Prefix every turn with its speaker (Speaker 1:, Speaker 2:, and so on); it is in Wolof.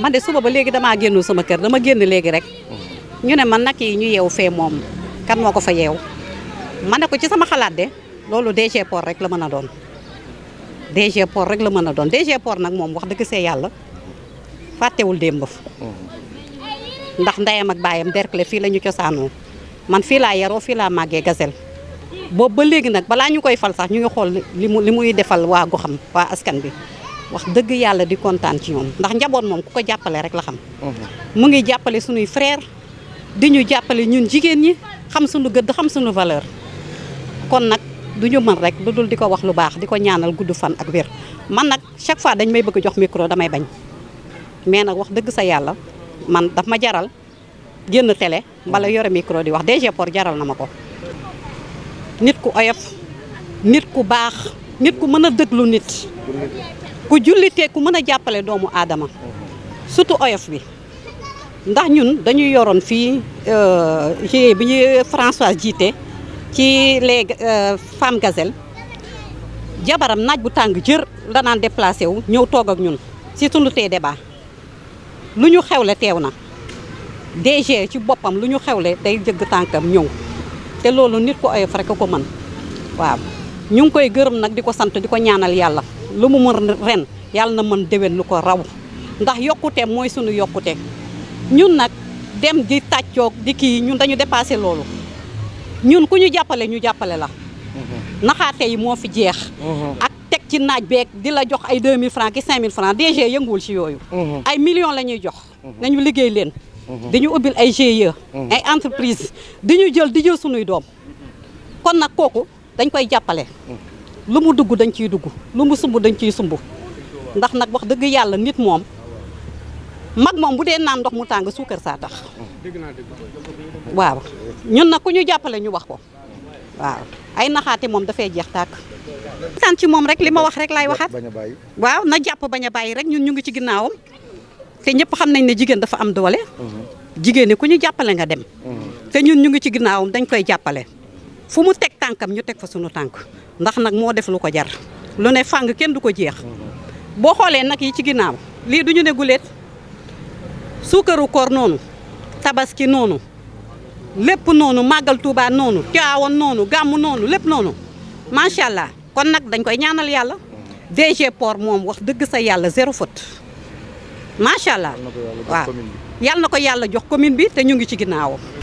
Speaker 1: man de suba ba léegi damaa génnu sama kër dama génn léegi rek mm. ñu ne man nag yi ñu yeew fee moom kan moo ko fa yeew ma ne ko ci sama xalaat de loolu DG Port rek la mën a doon DG Port rek la mën a doon DG nag moom wax dëgg see yàlla fàttewul démb mm. ndax ndeyam ak baayam Derklé fii la ñu cosaanoo man fii laa yaroo fii laa màggee Gazelle boobu ba léegi nag balaa ñu koy fal sax ñu ngi xool li li muy defal waa goxam waa askan bi wax dëgg yàlla di kontaan ci ñoom ndax njaboot moom ku ko jàppale rek la xam. Mhm. mu ngi jàppale sunuy frère di ñu jàppale ñun jigéen ñi xam suñu gëdd xam suñu valeur kon nag du ñu mën rek lu dul di ko wax lu baax di ko ñaanal gudd fan ak wér man nag chaque fois dañ may bëgg jox micro damay bañ mais nag wax dëgg sa yàlla man daf ma jaral génn tele mbala mhm. yore micro di wax DG Port jaral na ma ko. nit ku oyof nit ku baax nit ku mën a déglu nit. ku jullitee ku mën a jàppale doomu aadama surtout oyof bi ndax ñun dañuy yoroon fii GIE euh, bi ñu François jiite ci les euh, femmes gazelles jabaram naaj bu tàng jër danaan déplacé wu ñëw toog ak ñun si sunu tee débat lu ñu xewle teew na DG ci boppam lu ñu xewle day jëgg tànkam ñëw te loolu nit ko oyof rek ko mën waaw ñu ngi koy gërëm nag di ko sant di ko ñaanal yàlla lu mu mën ren yàlla na man déwén lu ko raw ndax yokkute mooy sunu yokkute ñun nag dem di tàccoog di kii ñun dañu dépassé loolu ñun ku ñu jàppale ñu jàppale la mhm. naxaate yi moo fi jeex mhm. ak teg ci naaj beeg di la jox ay 2000 francs ki 5000 francs DG yënguwul ci yooyu mhm. ay millions la ñuy jox nañu liggéey leen dañu ubbil ay GIE ay entreprise di ñu jël di jël sunuy doom kon nag kooku dañ koy jàppale lu mu dugg dañ ciy dugg lu mu sumb dañ ciy sumb ndax nag wax dëgg yàlla nit moom mag moom bu dee naan ndox mu tàng suukar saa tax waaw ñun nag ku ñu jàppale ñu wax ko waaw ay naxaate moom dafay jeex tàkk taan ci moom rek li ma wax rek laay waxaat waaw na jàpp bañ a bàyyi rek ñun ñu ngi ci ginnaawam te ñëpp xam nañ ne jigéen dafa am doole mhm. jigéen ñi ku ñu jàppale nga dem mhm. te ñun ñu ngi ci ginnaawam dañ koy jàppale fu mu teg tànkam ñu teg fa sunu tànk ndax nag moo def lu ko jar lu ne fàng kenn du ko jeex boo xoolee nag yi ci ginnaaw lii du ñu ne guleet suukaru koor noonu tabaski noonu lépp noonu màggal Tuubaa noonu Tiwaawan noonu gàmmu noonu lépp noonu macha allah kon nag dañ koy ñaanal yàlla DG Port moom wax dëgg sa yàlla zéro faute macha allah waaw yàlla na ko yàlla jox commune bi te ñu ngi ci ginnaawam.